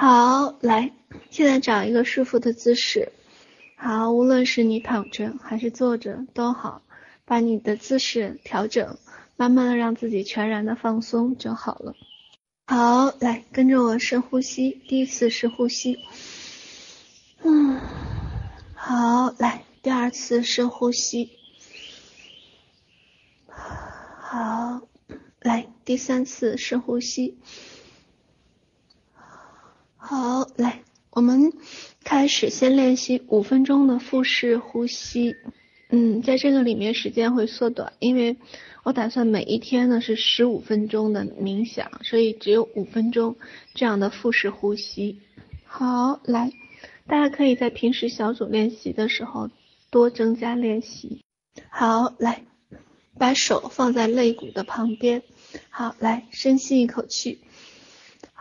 好，來，現在找一個舒服的姿勢。好，無論是你躺着還是坐着都好，把你的姿勢調整，慢慢的讓自己全然的放鬆就好了。好，來，跟着我深呼吸，第一次深呼吸。嗯，好，來，第二次深呼吸。好，來，第三次深呼吸。好，來，我們開始先練習五分鐘的腹式呼吸。嗯，在這個裡面時間會縮短，因為我打算每一天呢是十五分鐘的冥想，所以只有五分鐘這樣的腹式呼吸。好，來，大家可以在平時小組練習的時候多增加練習。好，來，把手放在肋骨的旁邊。好，來，深吸一口氣。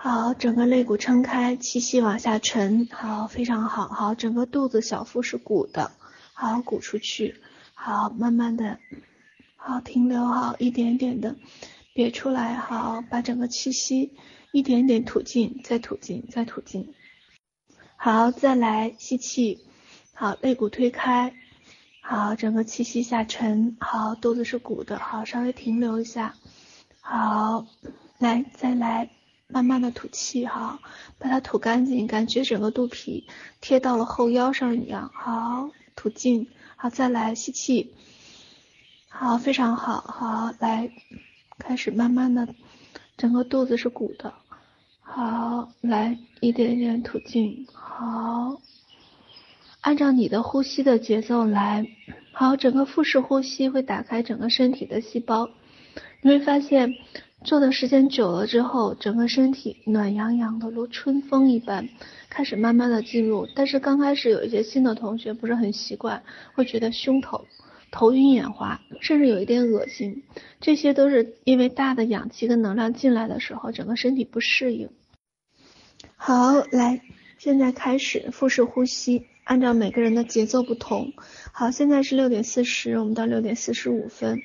好，整個肋骨撐開，氣息往下沉。好，非常好。好，整個肚子、小腹是鼓的。好，鼓出去。好，慢慢的，好停留。好，一點點的別出來。好，把整個氣息一點點吐盡，再吐盡，再吐盡。好，再來吸氣。好，肋骨推開。好，整個氣息下沉。好，肚子是鼓的。好，稍微停留一下。好，來，再來。慢慢的吐氣。好，把它吐乾淨，感覺整個肚皮貼到了後腰上一樣，好，吐盡，好，再來吸氣，好，非常好，好，來，開始慢慢的，整個肚子是鼓的，好，來一點點吐盡，好，按照你的呼吸的節奏來，好，整個腹式呼吸會打開整個身體的細胞，你會發現，做的時間久了之後，整個身體暖洋洋的，如春風一般，開始慢慢的進入。但是剛開始有一些新的同學不是很習慣，會覺得胸疼、頭暈眼花，甚至有一點噁心，這些都是因為大量的氧氣跟能量進來的時候，整個身體不適應。好，來，現在開始腹式呼吸，按照每個人的節奏不同。好，現在是六點四十，我們到六點四十五分。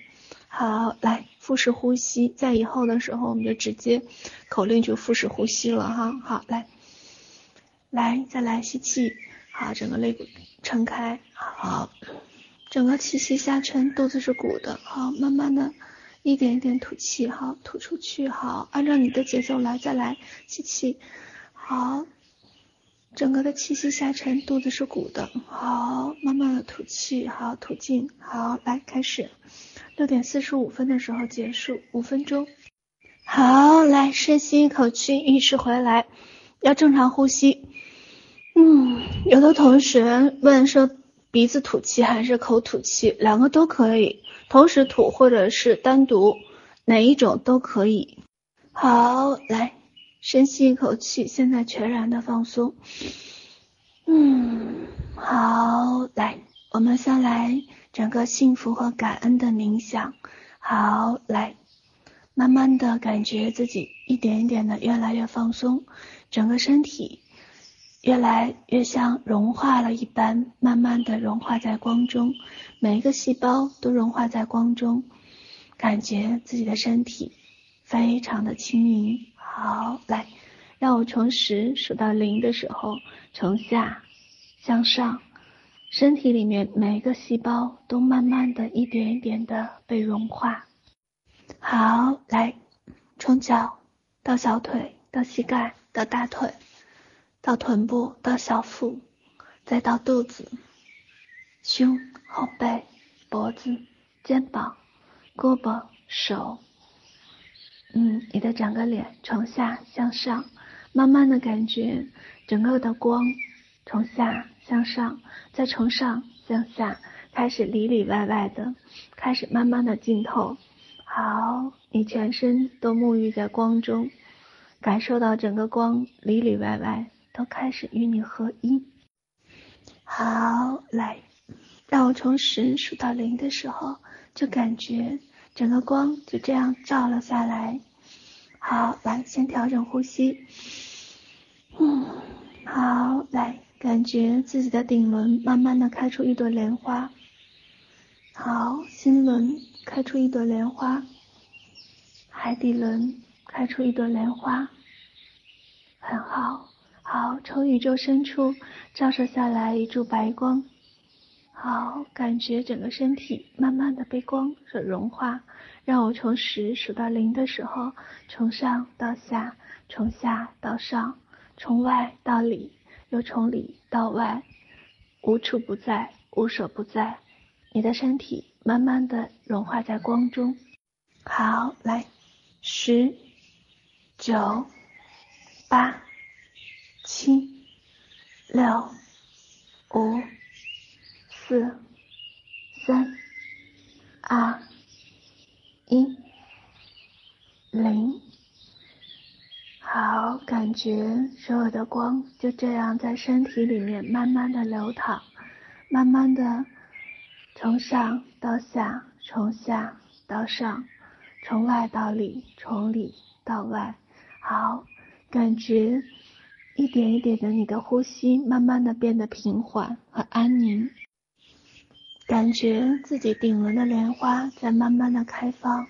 好，來。腹式呼吸，在以後的時候，我們就直接口令就腹式呼吸了哈。好，來，來，再來吸氣，好，整個肋骨撐開，好，整個氣息下沉，肚子是鼓的，好，慢慢的一點一點吐氣，好，吐出去，好，按照你的節奏來，再來吸氣，好，整個的氣息下沉，肚子是鼓的，好，慢慢的吐氣，好，吐盡。好，來，開始。六點四十五分的時候結束，五分鐘。好，來，深吸一口氣，意識回來，要正常呼吸。嗯，有的同學問說鼻子吐氣還是口吐氣，兩個都可以，同時吐或者是單獨，哪一種都可以。好，來，深吸一口氣，現在全然的放鬆。嗯，好，來我們先來。整個幸福和感恩的冥想，好，來，慢慢的感覺自己一點一點的越來越放鬆，整個身體越來越像融化了一般，慢慢的融化在光中，每一個細胞都融化在光中，感覺自己的身體非常的輕盈。好，來，讓我從十數到零的時候，從下向上。身體裡面每一個細胞都慢慢的一點一點的被融化。好，來，從腳到小腿，到膝蓋，到大腿，到臀部，到小腹，再到肚子，胸、後背、脖子、肩膀、胳膊、手。嗯，你的整個臉從下向上，慢慢的感覺整個的光從下。向上，再從上向下開始，裡裡外外的開始慢慢的浸透。好，你全身都沐浴在光中，感受到整個光裡裡外外都開始與你合一。好，來，當我從十數到零的時候，就感覺整個光就這樣照了下來。好，來，先調整呼吸。嗯，好，來。感覺自己的頂輪慢慢的開出一朵蓮花，好，心輪開出一朵蓮花，海底輪開出一朵蓮花，很好，好，從宇宙深處照射下來一柱白光，好，感覺整個身體慢慢的被光所融化，讓我從十數到零的時候，從上到下，從下到上，從外到裡。就從裡到外，無處不在，無所不在。你的身體慢慢的融化在光中。好，來，十、九、八、七、六、五、四、三、二。感覺所有的光就這樣在身體裡面慢慢的流淌，慢慢的從上到下，從下到上，從外到裡，從裡到外。好，感覺一點一點的，你的呼吸慢慢的變得平緩和安寧。感覺自己頂輪的蓮花在慢慢的開放，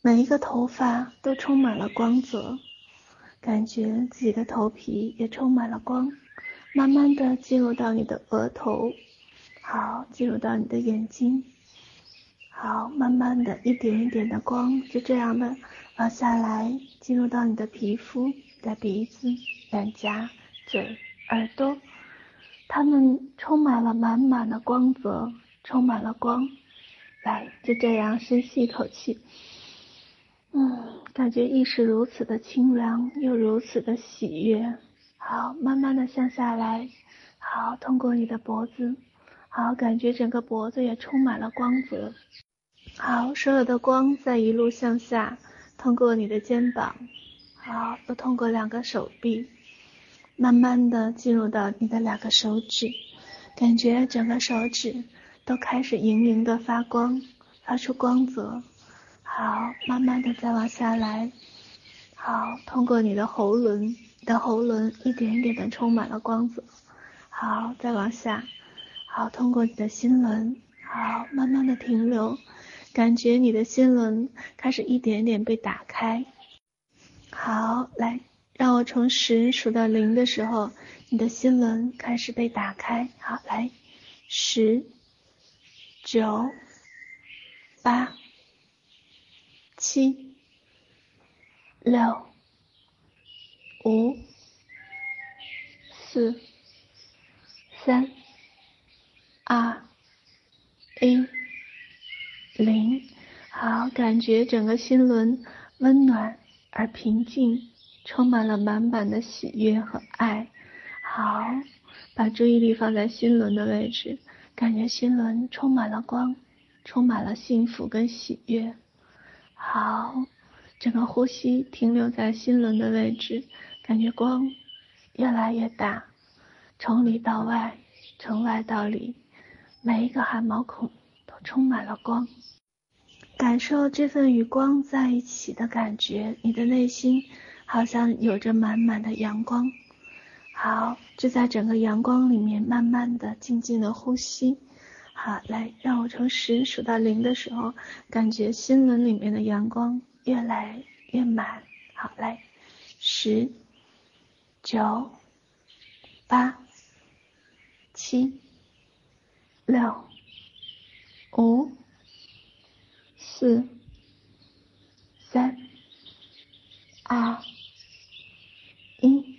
每一個頭髮都充滿了光澤。感覺自己的頭皮也充滿了光，慢慢的進入到你的額頭，好，進入到你的眼睛，好，慢慢的一點一點的光，就這樣的往下來，進入到你的皮膚、你的鼻子、臉頰、嘴、耳朵，它們充滿了滿滿的光澤，充滿了光。來，就這樣深吸一口氣。嗯，感覺意識如此的清涼，又如此的喜悅。好，慢慢的向下來，好，通過你的脖子，好，感覺整個脖子也充滿了光澤。好，所有的光再一路向下，通過你的肩膀，好，又通過兩個手臂，慢慢的進入到你的兩個手指，感覺整個手指都開始盈盈的發光，發出光澤。好，慢慢的再往下來，好，通過你的喉輪，你的喉輪一點一點的充滿了光澤，好，再往下，好，通過你的心輪，好，慢慢的停留，感覺你的心輪開始一點點被打開，好，來，讓我從十數到零的時候，你的心輪開始被打開，好，來，十，九，八。七、六、五、四、三、二、一、零。好，感覺整個心輪溫暖而平靜，充滿了滿滿的喜悅和愛。好，把注意力放在心輪的位置，感覺心輪充滿了光，充滿了幸福跟喜悅。好，整個呼吸停留在心輪的位置，感覺光越來越大，從裡到外，從外到裡，每一個汗毛孔都充滿了光，感受這份與光在一起的感覺，你的內心好像有着滿滿的陽光。好，就在整個陽光裡面，慢慢的、靜靜的呼吸。好，來，讓我從十數到零的時候，感覺心輪裡面的陽光越來越滿。好，來，十、九、八、七、六、五、四、三、二、一、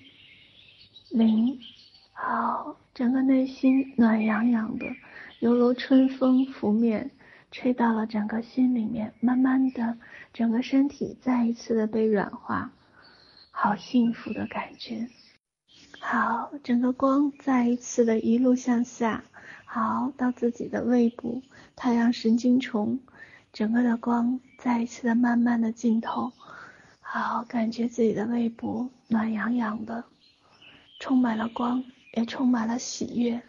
零。好，整個內心暖洋洋的。猶如春風拂面，吹到了整個心裡面，慢慢的，整個身體再一次的被軟化，好幸福的感覺。好，整個光再一次的一路向下，好，到自己的胃部，太陽神經叢，整個的光再一次的慢慢的浸透，好，感覺自己的胃部暖洋洋的，充滿了光，也充滿了喜悅。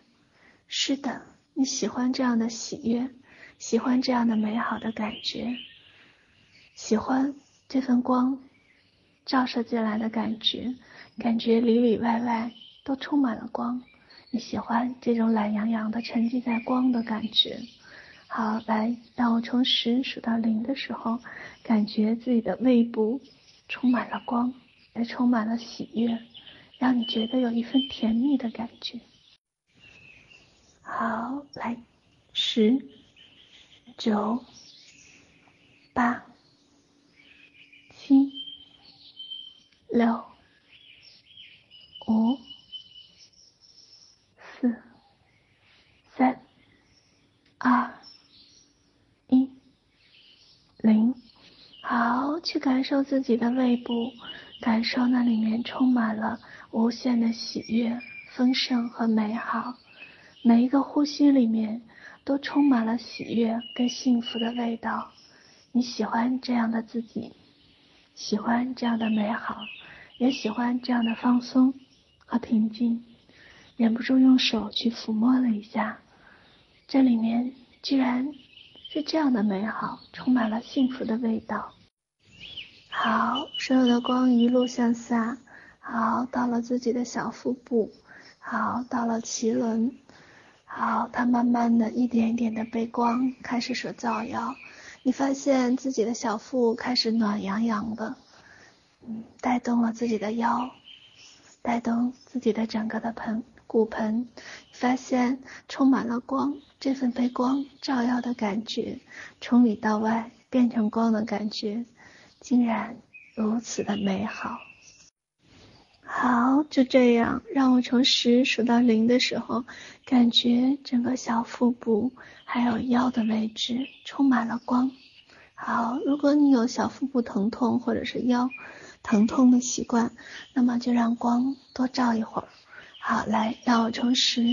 是的。你喜歡這樣的喜悅，喜歡這樣的美好的感覺，喜歡這份光照射進來的感覺，感覺裡裡外外都充滿了光。你喜歡這種懶洋洋的沉浸在光的感覺。好，來，讓我從十數到零的時候，感覺自己的胃部充滿了光，也充滿了喜悅，讓你覺得有一份甜蜜的感覺。好，來，十、九、八、七、六、五、四、三、二、一、零。好，去感受自己的胃部，感受那裡面充滿了無限的喜悅、豐盛和美好。每一個呼吸裡面都充滿了喜悅跟幸福的味道。你喜歡這樣的自己，喜歡這樣的美好，也喜歡這樣的放鬆和平靜。忍不住用手去撫摸了一下，這裡面居然是這樣的美好，充滿了幸福的味道。好，所有的光一路向下，好，到了自己的小腹部，好，到了臍輪。好，它慢慢的一點一點的被光開始所照耀，你發現自己的小腹開始暖洋洋的，嗯，帶動了自己的腰，帶動自己的整個的盆骨盆，發現充滿了光，這份被光照耀的感覺，從裡到外變成光的感覺，竟然如此的美好。好，就這樣，讓我從十數到零的時候，感覺整個小腹部還有腰的位置充滿了光。好，如果你有小腹部疼痛或者是腰疼痛的習慣，那麼就讓光多照一會兒。好，來，讓我從十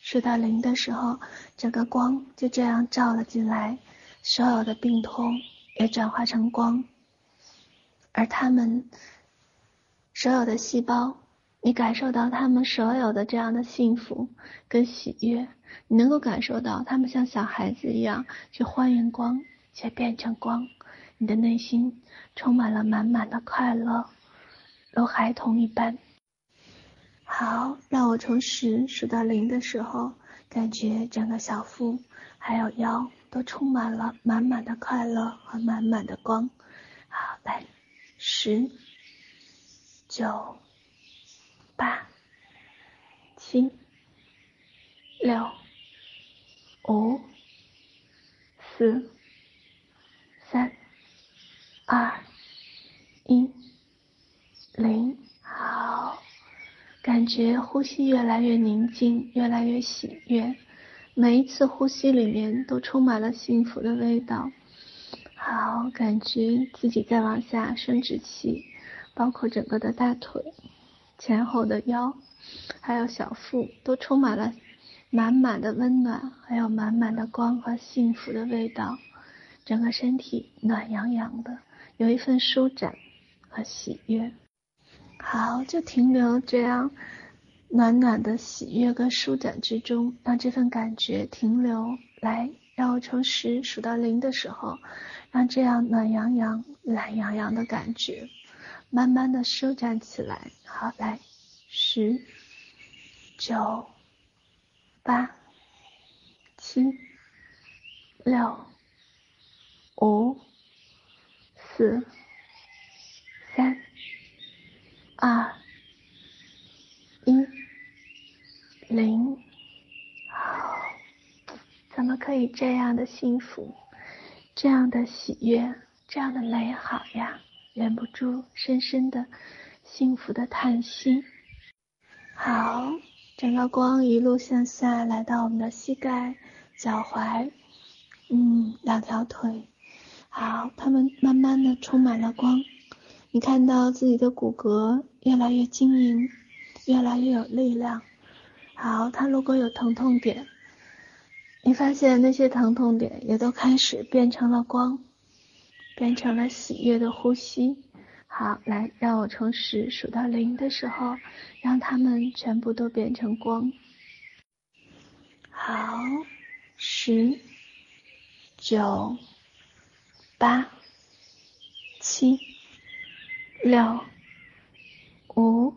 數到零的時候，整個光就這樣照了進來，所有的病痛也轉化成光，而他們。所有的細胞，你感受到他們所有的這樣的幸福跟喜悅，你能夠感受到他們像小孩子一樣去歡迎光，且變成光。你的內心充滿了滿滿的快樂，如孩童一般。好，讓我從十數到零的時候，感覺整個小腹還有腰都充滿了滿滿的快樂和滿滿的光。好，來，十。九、八、七、六、五、四、三、二、一、零，好，感覺呼吸越來越寧靜，越來越喜悅，每一次呼吸裡面都充滿了幸福的味道。好，感覺自己在往下深吸氣。包括整個的大腿、前後的腰，還有小腹，都充滿了滿滿的溫暖，還有滿滿的光和幸福的味道。整個身體暖洋洋的，有一份舒展和喜悅。好，就停留這樣暖暖的喜悅跟舒展之中，讓這份感覺停留。來，讓我從十數到零的時候，讓這樣暖洋洋、懶洋洋的感覺。慢慢的舒展起來，好來，十、九、八、七、六、五、四、三、二、一、零，好，怎麼可以這樣的幸福，這樣的喜悅，這樣的美好呀？忍不住深深的幸福的嘆息。好，整個光一路向下來到我們的膝蓋、腳踝，嗯，兩條腿，好，它們慢慢的充滿了光。你看到自己的骨骼越來越晶瑩，越來越有力量。好，它如果有疼痛點，你發現那些疼痛點也都開始變成了光。變成了喜悅的呼吸。好，來，讓我從十數到零的時候，讓它們全部都變成光。好，十、九、八、七、六、五、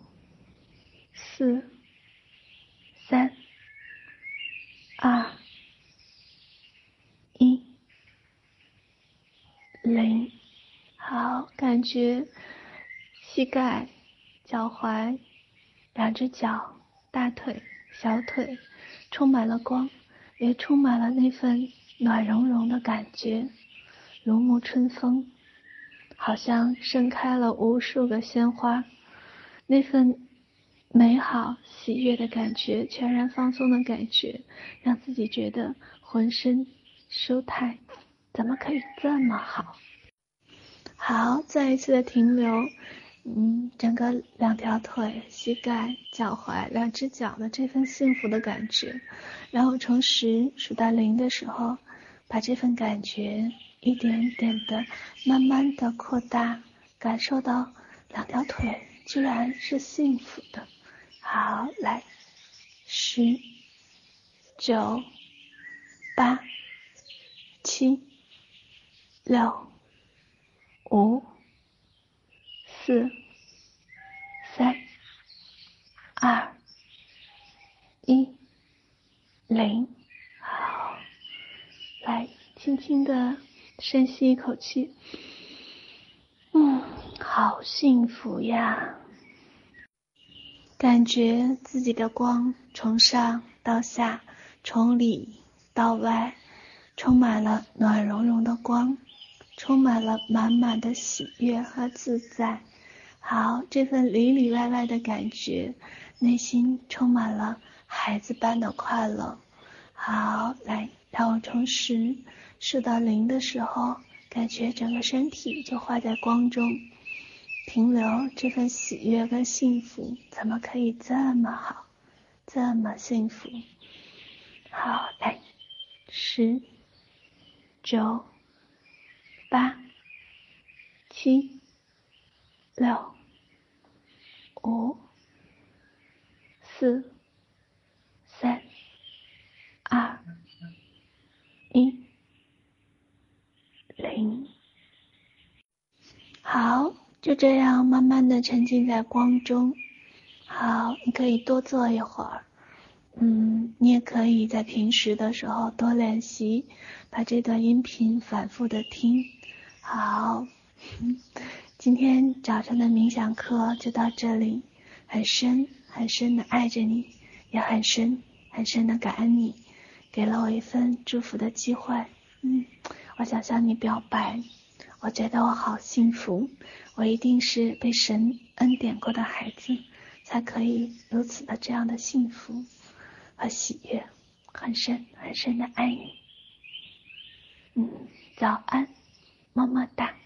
四、三、二。零，好，感覺膝蓋、腳踝、兩隻腳、大腿、小腿充滿了光，也充滿了那份暖融融的感覺，如沐春風，好像盛開了無數個鮮花。那份美好、喜悅的感覺，全然放鬆的感覺，讓自己覺得渾身舒坦。怎麼可以這麼好？好，再一次的停留，嗯，整個兩條腿、膝蓋、腳踝、兩隻腳的這份幸福的感覺。然後從十數到零的時候，把這份感覺一點點的、慢慢的擴大，感受到兩條腿居然是幸福的。好，來，十、九、八、七。六、五、四、三、二、一、零，好，來，輕輕的深吸一口氣，嗯，好幸福呀，感覺自己的光從上到下，從裡到外，充滿了暖融融的光。充滿了滿滿的喜悅和自在，好，這份裡裡外外的感覺，內心充滿了孩子般的快樂。好，來，當我從十，數到零的時候，感覺整個身體就化在光中，停留這份喜悅跟幸福，怎麼可以這麼好，這麼幸福？好，來，十，九。八七六五四三二一零，好，就這樣慢慢的沉浸在光中。好，你可以多坐一會兒。嗯，你也可以在平時的時候多練習，把這段音頻反覆的聽。好，嗯，今天早上的冥想課就到這裡。很深很深的愛着你，也很深很深的感恩你，給了我一份祝福的機會。嗯，我想向你表白。我覺得我好幸福，我一定是被神恩典過的孩子，才可以如此的這樣的幸福和喜悅。很深很深的愛你。嗯，早安。麼麼噠。